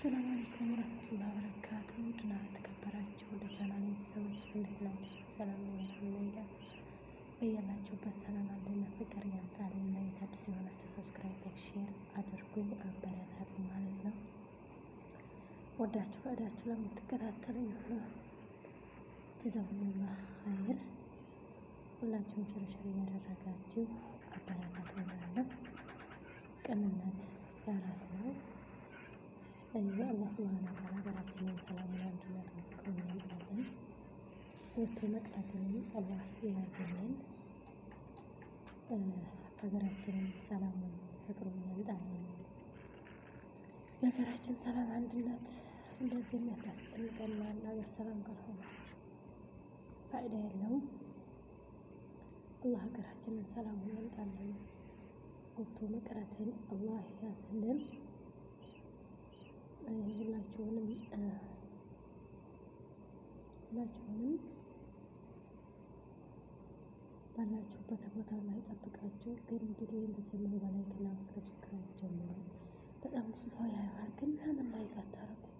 አሰላሙ አለይኩም ወረህመቱላሂ ወበረካቱ ድና ተከበራችሁ ወደ ሰላም ሰዎች እንዴት ናችሁ? ሰላም ይመስለኛል። በያላችሁበት ሰላም አለና ፍቅር ያምጣልን። እና አዲስ የሆናችሁ ሰብስክራይብ፣ ሼር አድርጉኝ አበረታት ማለት ነው። ወዳችሁ ፈቅዳችሁ ለምትከታተሉኝ ትዘውላ ሀይል ሁላችሁም ሽርሽር እያደረጋችሁ አበረታት ማለት ነው። ቅንነት ለራስ ነው። አላህ ስብሃነ ወተዓላ ሀገራችንን ሰላም አንድነት ያድርግልን። ወጥቶ መቅረትን አላህ ያድርግልን። ሀገራችንን ሰላምን፣ ፍቅሩን ያምጣልን። ሀገራችን ሰላም፣ አንድነት እንደዚህ የሚያስቀምጠናል። ሀገር ሰላም ካልሆነ ፋይዳ የለውም። አላህ ሀገራችንን ሰላም ያምጣልን። ወጥቶ መቅረትን አላህ ያዝልን። ሁላችሁንም ሁላችሁንም ባላችሁበት ቦታ ላይ ጠብቃችሁ። ግን እንግዲህ እንደጀመሩ በላይ ግን ሰብስክራይብ ጀምሩ። በጣም ብዙ ሰው ያየዋል። ግን ለምን ላይክ አታረጉት?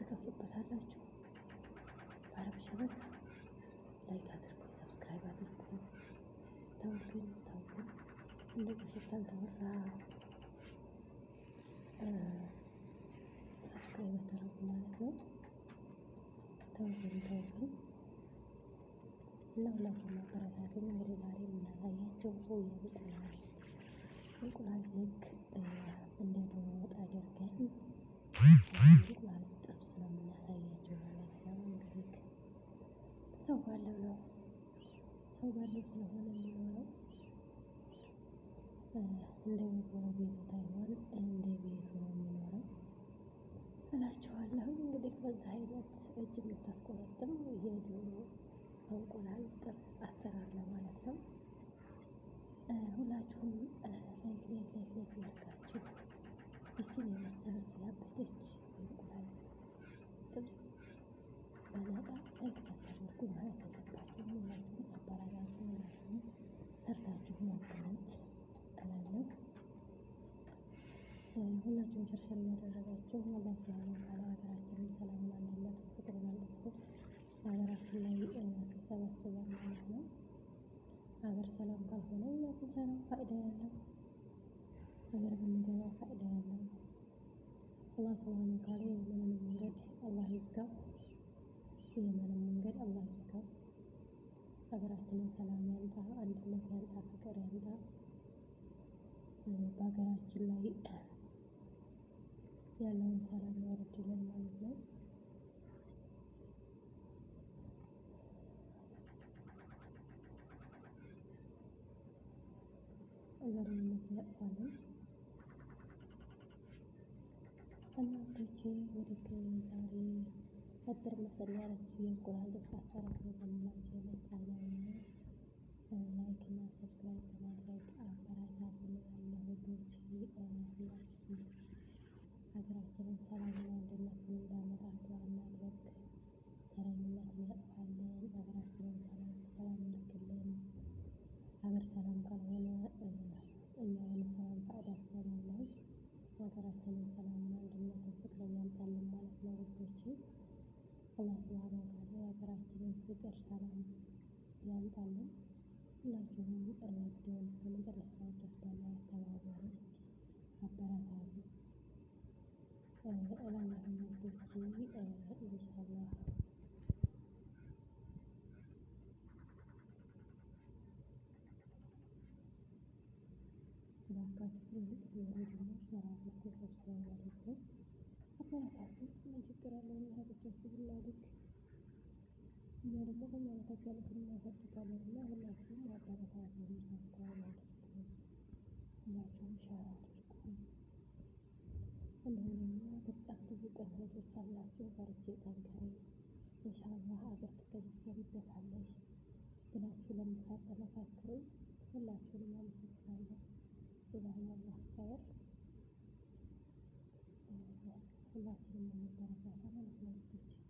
ተከፍሉበታላችሁ። በአረብ ላይክ አድርጉ፣ ሰብስክራይብ አድርጉ። ተውግን ተውግን እንደዚህ ሲባል ተወራ ማለት ነው። ተውልን ተውልን እና ሁላችሁ ማበረታትን እንግዲህ ዛሬ የምናሳያቸው እንቁላል ልክ እንደ ዶሮ ወጥ አድርገን እንቁላል ጥብስ ነው የምናሳያቸው ማለት ነው። እንግዲህ ሰው ባለው ነው ሰው ባለው ስለሆነ የሚኖረው እንደ ጎረቤቱ እንደ ቤቱ ነው የሚኖረው። እላቸዋለሁ። እንግዲህ በዛ አይነት እጅ የምታስቆረጥም የዶሮ እንቁላል ጥብስ አሰራር ነው ማለት ነው። ሁላችሁም ላይክ ላይክ ላይክ ላይክ ይችን የመሰለች ያበደች እንቁላል ጥብስ በነጣ ላይክ ታደርጉ ማለት ያለባችሁ ሁላችሁም አበራራችሁ ሁላችሁም ሰርታችሁ ሞክሩት እላለሁ። ሁላችሁም ሸርሸር ያደ ቤቱ ላይ ተሰባስበን ማለት ነው። ሀገር ሰላም ካልሆነ እኛ ብንሰራው ፋይዳ ያለው ሀገር ብንገባው ፋይዳ ያለው አላህ ስብሃነ ወተዓላ የየመንን መንገድ አላህ ይዝጋው። የየመንን መንገድ አላህ ይዝጋው። ሀገራችንን ሰላም ያምጣ፣ አንድነት ያምጣ፣ ፍቅር ያምጣ። በሀገራችን ላይ ያለውን ሰላም ያወርድልን ማለት ነው። ዘረኝነት እናጥፋለን። እና ወደ ዛሬ አጠር መሰል ያለች የእንቁላል ጥብስ አሰራር ይዘንላችሁ መጣለን። ላይክ እና ሰብስክራይብ በማድረግ አበረታቱን። ለወዳጆቼ ሁላችሁ ሀገራችንን ሰላምና አንድነትን እንዳመጣ ዱዓ እናድርግ። ዘረኝነትን እናጥፋለን። ሀገራችንን በዓል ላይ ሰላምና አንድነትን ፍቅርን ያምጣልን ማለት ነው። ውዶቼ አላህ ሱብሃነ ወተዓላ የሀገራችንን ፍቅር ሰላም ያምጣልን። ሁላችሁም ቪዲዮውን እስከመጨረሻው ድረስ በማየት አበረታቱ እላለሁ ውዶቼ ኢንሻአላህ አባት ትልልቅ ወንድሞች መራቶች ተሰብስበው ያሉበት አበረታቱ። ምን ችግር አለው? እናቶቻችሁ ብናድግ እኛ ደግሞ ሃይማኖታችሁ ያሉትን እናሳድጋለን እና ሁላችሁም አበረታቱ፣ ሰብስክራይብ አድርጉ፣ ሁላችሁም ሸር አድርጉ። እንደሆነኛ በጣም ብዙ ቅርሶች አላቸው በርቼ ጠንከሬ ኢንሻአላህ አገር ትገኝበታለሽ ብላችሁ ለምታበረታክሩ ሁላችሁንም አመሰግናለሁ። جزاهم الله خير الله يسلم من درجاتهم ونحن نسلم